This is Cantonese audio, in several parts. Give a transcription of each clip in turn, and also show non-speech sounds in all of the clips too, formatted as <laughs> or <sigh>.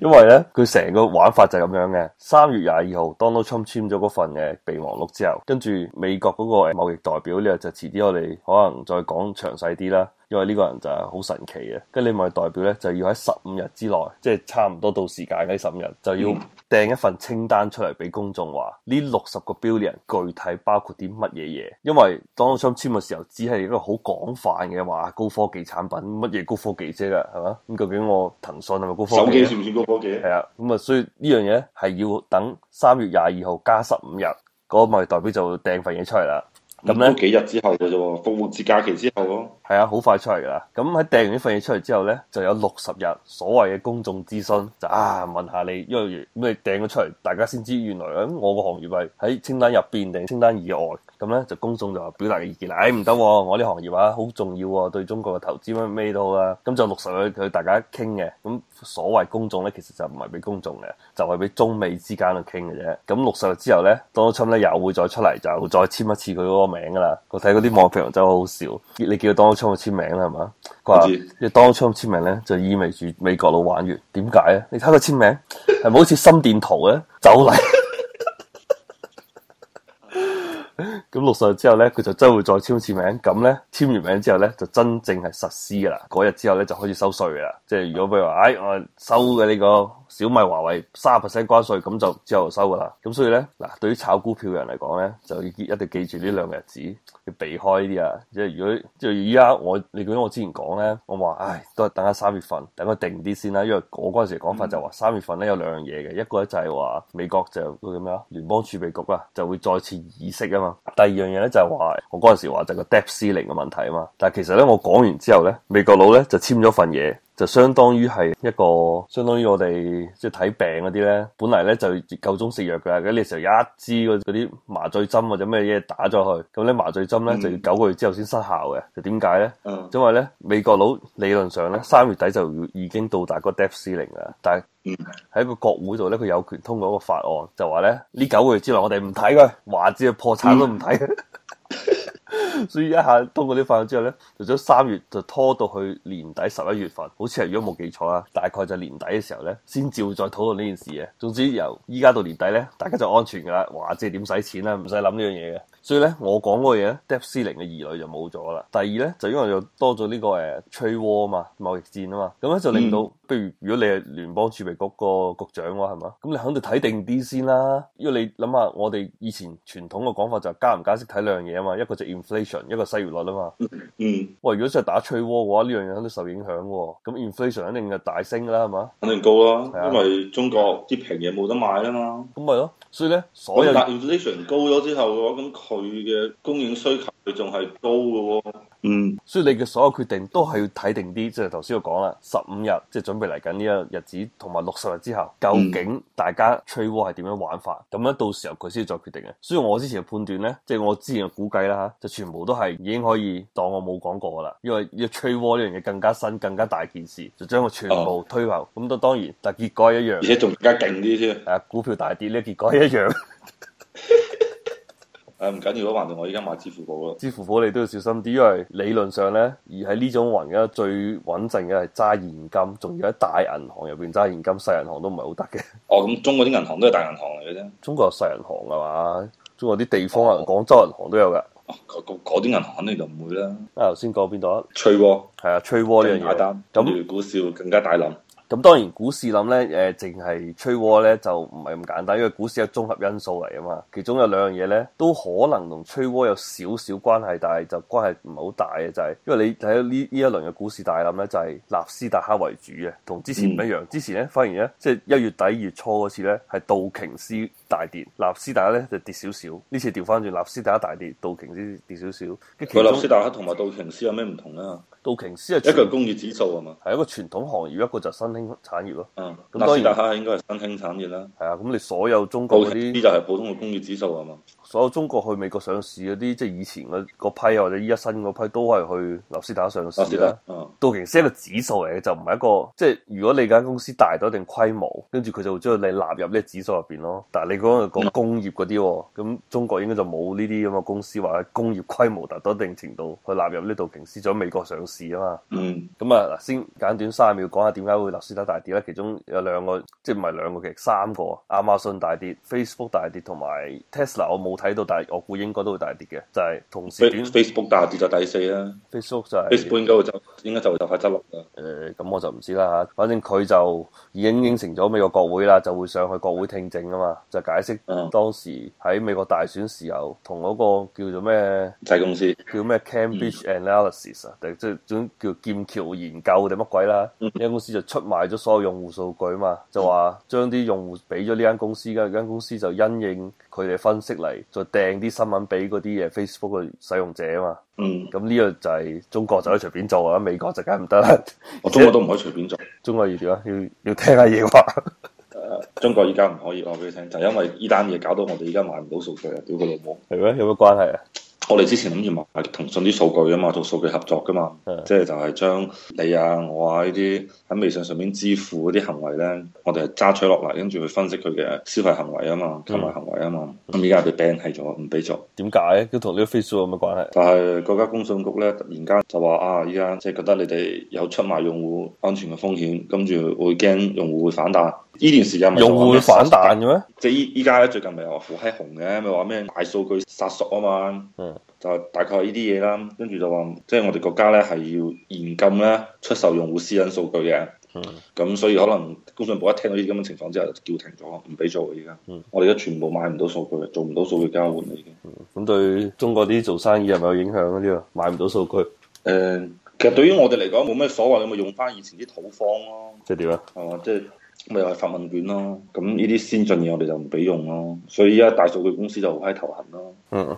因為呢，佢成個玩法就係咁樣嘅。三月廿二號，Donald Trump 簽咗嗰份嘅備忘錄之後，跟住美國嗰個貿易代表呢，就遲啲我哋可能再講詳細啲啦。因為呢個人就係好神奇嘅，跟住你咪代表咧，就要喺十五日之內，即係差唔多到時間嘅十五日，就要訂一份清單出嚟俾公眾話，呢六十個 billion 具體包括啲乜嘢嘢。因為當初簽嘅時候，只係一個好廣泛嘅話，高科技產品乜嘢高科技啫，係嘛？咁究竟我騰訊係咪高科技？手機算唔算高科技咧？係啊，咁啊，所以呢樣嘢係要等三月廿二號加十五日，嗰咪代表就訂份嘢出嚟啦。咁咧幾日之後嘅啫，復活節假期之後咯。係啊，好快出嚟噶啦。咁喺訂完呢份嘢出嚟之後咧，就有六十日所謂嘅公眾諮詢，就啊問下你一個月咩訂咗出嚟，大家先知原來我個行業係喺清單入邊定清單以外，咁咧就公眾就話表達嘅意見啦。誒唔得，我啲行業啊好重要喎、啊，對中國嘅投資咩都好啦、啊。咁就六十日佢大家傾嘅，咁所謂公眾咧其實就唔係俾公眾嘅，就係、是、俾中美之間去傾嘅啫。咁六十日之後咧 Donald Trump 咧又會再出嚟就再簽一次佢嗰個名噶啦。我睇嗰啲網友就好笑，你叫 Donald 簽名啦，係嘛？佢話當特朗普簽名咧，就意味住美國佬玩完。點解啊？你睇佢簽名，係咪 <laughs> 好似心電圖咧？走嚟。 <laughs> 咁六十日之後咧，佢就真會再簽一次名。咁咧簽完名之後咧，就真正係實施噶啦。嗰日之後咧，就開始收稅噶啦。即係如果譬如話，唉、哎，我收嘅呢個小米、華為三十 percent 關稅，咁就之後就收噶啦。咁所以咧，嗱，對於炒股票嘅人嚟講咧，就要一定要記住呢兩個日子要避開呢啲啊。即係如果即係依家我你記得我之前講咧，我話唉，都、哎、係等下三月份，等佢定啲先啦。因為我嗰陣時講法就話、是嗯、三月份咧有兩樣嘢嘅，一個咧就係話美國就個咩啊聯邦儲備局啊就會再次議息啊嘛。第二樣嘢咧就係、是、話，我嗰陣時話就個 debt ceiling 嘅問題啊嘛，但係其實咧我講完之後咧，美國佬咧就簽咗份嘢。就相當於係一個，相當於我哋即係睇病嗰啲咧，本嚟咧就夠鐘食藥嘅，如果你時候一支嗰啲麻醉針或者咩嘢打咗佢，咁咧麻醉針咧、嗯、就要九個月之後先失效嘅，就點解咧？嗯、因為咧美國佬理論上咧三月底就已經到達個 debt ceiling 但係喺一個國會度咧，佢有權通過一個法案，就話咧呢九個月之內我哋唔睇佢，話知佢破產都唔睇。所以一下通過啲法案之後咧，就咗三月就拖到去年底十一月份，好似係如果冇記錯啊，大概就年底嘅時候咧，先照再討論呢件事嘅。總之由依家到年底咧，大家就安全㗎啦。哇！即係點使錢啊？唔使諗呢樣嘢嘅。所以咧，我講嗰個嘢咧，debt ceiling 嘅疑慮就冇咗啦。第二咧，就因為又多咗呢、呢個誒 trade war 啊嘛，貿易戰啊嘛，咁咧就令到，嗯、譬如如果你係聯邦儲備局個局長嘅話，係嘛？咁你肯定睇定啲先啦。因為你諗下，我哋以前傳統嘅講法就加唔加息睇兩樣嘢啊嘛，一個就 inflation，一個失業率啊嘛嗯。嗯，哇！如果真係打 trade war 嘅話，呢樣嘢肯定受影響喎、哦。咁 inflation 肯定就大升啦，係嘛？肯定高啦，啊、因為中國啲平嘢冇得買啊嘛。咁咪咯。所以咧，所以，所有 inflation 高咗之後嘅話，咁佢嘅供應需求佢仲係高嘅喎、哦，嗯，所以你嘅所有決定都係要睇定啲，即係頭先我講啦，十五日即係、就是、準備嚟緊呢個日子，同埋六十日之後，究竟大家吹鍋係點樣玩法？咁咧到時候佢先再決定嘅。所以我之前嘅判斷呢，即、就、係、是、我之前嘅估計啦吓，就全部都係已經可以當我冇講過噶啦，因為要吹鍋呢樣嘢更加新、更加大件事，就將佢全部推後。咁都、哦、當然，但結果一樣，而且仲加勁啲先。股票大跌呢，結果一樣。 <laughs> 誒，唔緊要，如果橫掂我依家買支付寶咯。支付寶你都要小心啲，因為理論上咧，而喺呢種環境最穩陣嘅係揸現金，仲要喺大銀行入邊揸現金，細銀行都唔係好得嘅。哦，咁中國啲銀行都係大銀行嚟嘅啫。中國細銀行係嘛？中國啲地方啊，廣、哦、州銀行都有噶。嗰啲、哦、銀行肯定就唔會啦。啊，頭先講邊度啊？翠鍋係啊，翠鍋呢樣嘢。單，跟住股市更加大冧。咁當然股市冧咧，誒淨係吹鍋咧就唔係咁簡單，因為股市係綜合因素嚟啊嘛。其中有兩樣嘢咧，都可能同吹鍋有少少關係，但係就關係唔係好大嘅，就係、是、因為你睇到呢呢一輪嘅股市大冧咧，就係、是、納斯達克為主嘅，同之前唔一樣。之前咧反而咧，即係一月底二月初嗰次咧，係道瓊斯。大跌，納斯達咧就跌少少，呢次調翻轉納斯達大跌，道瓊斯跌少少。佢納斯達克同埋道瓊斯有咩唔同咧？道瓊斯係一個工業指數係嘛？係一個傳統行業，一個就新興產業咯。嗯，咁當然大家係應該係新興產業啦。係啊，咁你所有中國啲就係普通嘅工業指數係嘛？所有中國去美國上市嗰啲，即係以前嗰個批或者依家新嗰批，都係去納斯達上市啦。道瓊斯係、嗯、個指數嚟嘅，就唔係一個，即係如果你間公司大到一定規模，跟住佢就會將你納入呢個指數入邊咯。但係你講係講工業嗰啲，咁、嗯嗯、中國應該就冇呢啲咁嘅公司話工業規模達到一定程度去納入呢道瓊斯，咗美國上市啊嘛。嗯，咁啊，先簡短三十秒講下點解會納斯達大跌咧？其中有兩個，即係唔係兩個嘅三,三個，亞馬遜大跌，Facebook 大跌，同埋 Tesla 我冇。睇到大，我估應該都會大跌嘅，就係同時 Facebook 大跌就第四啦。Facebook 就係、是、Facebook 應該就應該就會就快執笠啦、嗯。誒、嗯，咁我就唔知啦嚇。反正佢就已經應承咗美國國會啦，就會上去國會聽證啊嘛，就解釋當時喺美國大選時候同嗰個叫做咩？製公司叫咩 Cambridge Analysis、嗯、啊，即係總叫劍橋研究定乜鬼啦？呢、嗯、間公司就出賣咗所有用戶數據嘛，就話將啲用戶俾咗呢間公司，呢間公司就因應。佢哋分析嚟，再掟啲新聞俾嗰啲嘢 Facebook 嘅使用者啊嘛，咁呢、嗯、個就係、是、中國就可以隨便做啊，美國就梗唔得啦。我中國且都唔可以隨便做，中國要點啊？要要聽下嘢話。 <laughs> 中國而家唔可以，我話俾你聽，就係、因為呢單嘢搞到我哋而家買唔到數據啊，屌個老母！係咩？有咩關係啊？我哋之前諗住賣騰訊啲數據啊嘛，做數據合作噶嘛，的即係就係將你啊我啊呢啲喺微信上面支付嗰啲行為咧，我哋係揸取落嚟，跟住去分析佢嘅消費行為啊嘛，購買行為啊嘛。咁而家被 ban 係咗，唔俾做。點解？佢同呢個 Facebook 有乜關係？但係國家工信局咧突然間就話啊，依家即係覺得你哋有出賣用戶安全嘅風險，跟住會驚用戶會反彈。呢段時間咪用戶會反彈嘅咩？即係依依家咧最近咪話好閪紅嘅，咪話咩大數據殺熟啊嘛。嗯。就大概係呢啲嘢啦，跟住就話，即係我哋國家咧係要嚴禁咧出售用戶私隱數據嘅。咁、嗯、所以可能工信部一聽到呢啲咁嘅情況之後，就叫停咗，唔俾做而家。嗯、我哋而家全部買唔到數據，做唔到數據交換嚟嘅。咁、嗯、對中國啲做生意係咪有影響嗰啲啊？這個、買唔到數據。誒，uh, 其實對於我哋嚟講冇咩所謂，你咪用翻以前啲土方咯。即係點啊？哦，即係、uh,。咪又係發問卷咯，咁呢啲先進嘢我哋就唔俾用咯。所以而家大數據公司就好喺頭痕咯。嗯，誒、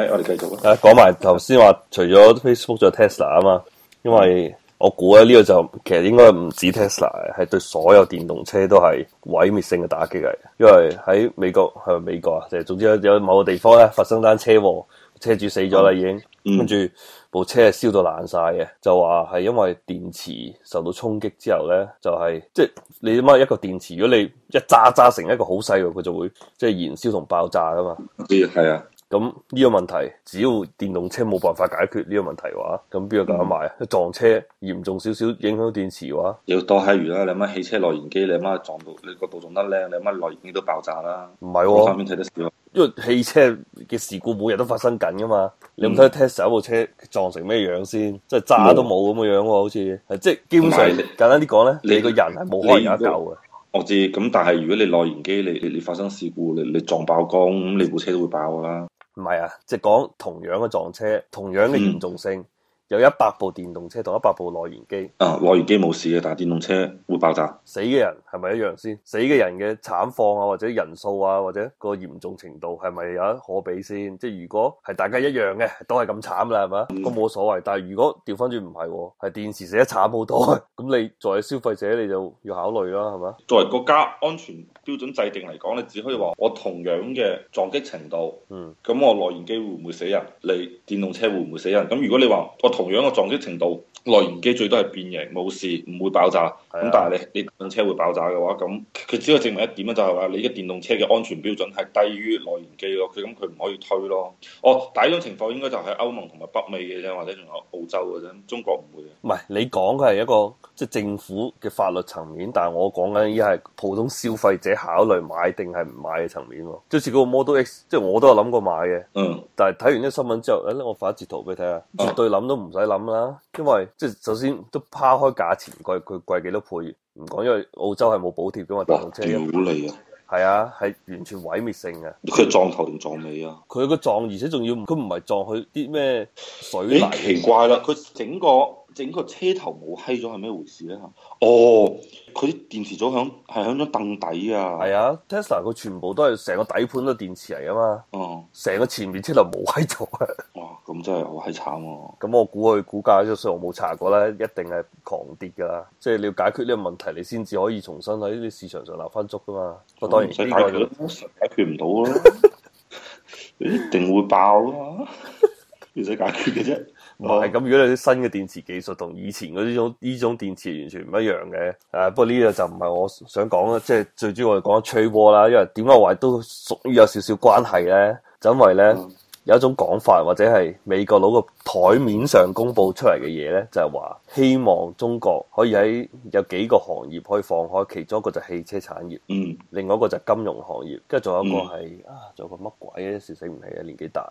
哎，我哋繼續啦。講埋頭先話，除咗 Facebook，仲有 Tesla 啊嘛。因為我估咧呢個就其實應該唔止 Tesla 係對所有電動車都係毀滅性嘅打擊嚟，因為喺美國係咪美國啊？即係總之有某個地方咧發生單車禍，車主死咗啦，已經跟住。嗯部車係燒到爛晒嘅，就話係因為電池受到衝擊之後咧，就係、是、即係你媽一個電池，如果你一揸揸成一個好細嘅，佢就會即係燃燒同爆炸噶嘛。嗯，係啊。咁呢、這個問題，只要電動車冇辦法解決呢個問題嘅話，咁邊樣難賣啊？嗯、撞車嚴重少少影響電池嘅話，要多閪如啦，你媽汽車內燃機，你媽撞到你嗰度仲得靚，你媽內燃機都爆炸啦。唔係、哦。因為汽車嘅事故每日都發生緊噶嘛，嗯、你有冇睇 Tesla 部車撞成咩樣先、哦有？即係渣都冇咁樣樣喎，好似即係基本上唔係是簡單啲講咧，你，你個人係冇可能有救嘅，我知。咁但係如果你內燃機，你你，你發生事故，你你撞爆缸，咁你部車都會爆㗎啦。唔係啊，即係講同樣嘅撞車，同樣嘅嚴重性。嗯有一百部電動車同一百部內燃機，啊，內燃機冇事嘅，但係電動車會爆炸。死嘅人係咪一樣先？死嘅人嘅慘況啊，或者人數啊，或者個嚴重程度係咪有可比先？即係如果係大家一樣嘅，都係咁慘啦，係咪？嗯，都冇所謂。但係如果調翻轉唔係，係電池死得慘好多，咁你作為消費者，你就要考慮啦，係嘛？作為國家安全標準制定嚟講，你只可以話我同樣嘅撞擊程度，嗯，咁我內燃機會唔會死人？你電動車會唔會死人？咁如果你話我同樣嘅撞擊程度，內燃機最多係變形，冇事，唔會爆炸。咁的但係咧，你電車會爆炸嘅話，咁佢只要證明一點啊、就是，就係話你嘅電動車嘅安全標準係低於內燃機咯。佢咁佢唔可以推咯。哦，第一種情況應該就係歐盟同埋北美嘅啫，或者仲有澳洲嘅啫。中國唔會嘅。唔係你講嘅係一個即係、就是、政府嘅法律層面，但係我講緊而家係普通消費者考慮買定係唔買嘅層面喎。即係似嗰個 Model X，即係我都有諗過買嘅。嗯。但係睇完呢新聞之後，誒，我發一截圖俾你睇下，絕對諗都唔、嗯、～唔使諗啦，因為即係首先都拋開價錢貴，佢貴幾多倍唔講，因為澳洲係冇補貼嘅嘛，哇電動車啊，係啊，係完全毀滅性嘅。佢撞頭定撞尾啊？佢個撞而且仲要佢唔係撞去啲咩水泥？誒、欸，奇怪啦，佢整個整個車頭冇閪咗，係咩回事咧？哦，佢啲電池組響係響咗凳底啊？係啊，Tesla 佢全部都係成個底盤都電池嚟㗎嘛，哦、嗯，成個前面車頭冇閪咗咁真係好係慘喎！咁我估佢估價嘅上，我冇查過咧，一定係狂跌噶啦！即係你要解決呢個問題，你先至可以重新喺呢啲市場上立翻足噶嘛。我不當然唔使解決， <laughs> 解決唔到咯， <laughs> 一定會爆噶嘛，唔使 <laughs> 解決嘅啫。係咁，如果你啲新嘅電池技術同以前嗰啲種呢種電池完全唔一樣嘅，誒，不過呢個就唔係我想講啦，即係最主要我哋講吹波啦，因為點解話都屬於有少少關係咧，就因為咧。嗯有一種講法，或者係美國佬個台面上公佈出嚟嘅嘢呢就係、是、話希望中國可以喺有幾個行業可以放開，其中一個就係汽車產業，另外一個就係金融行業，跟住仲有一個係、嗯、啊，仲有一個乜鬼啊，一時醒唔起啊，年紀大。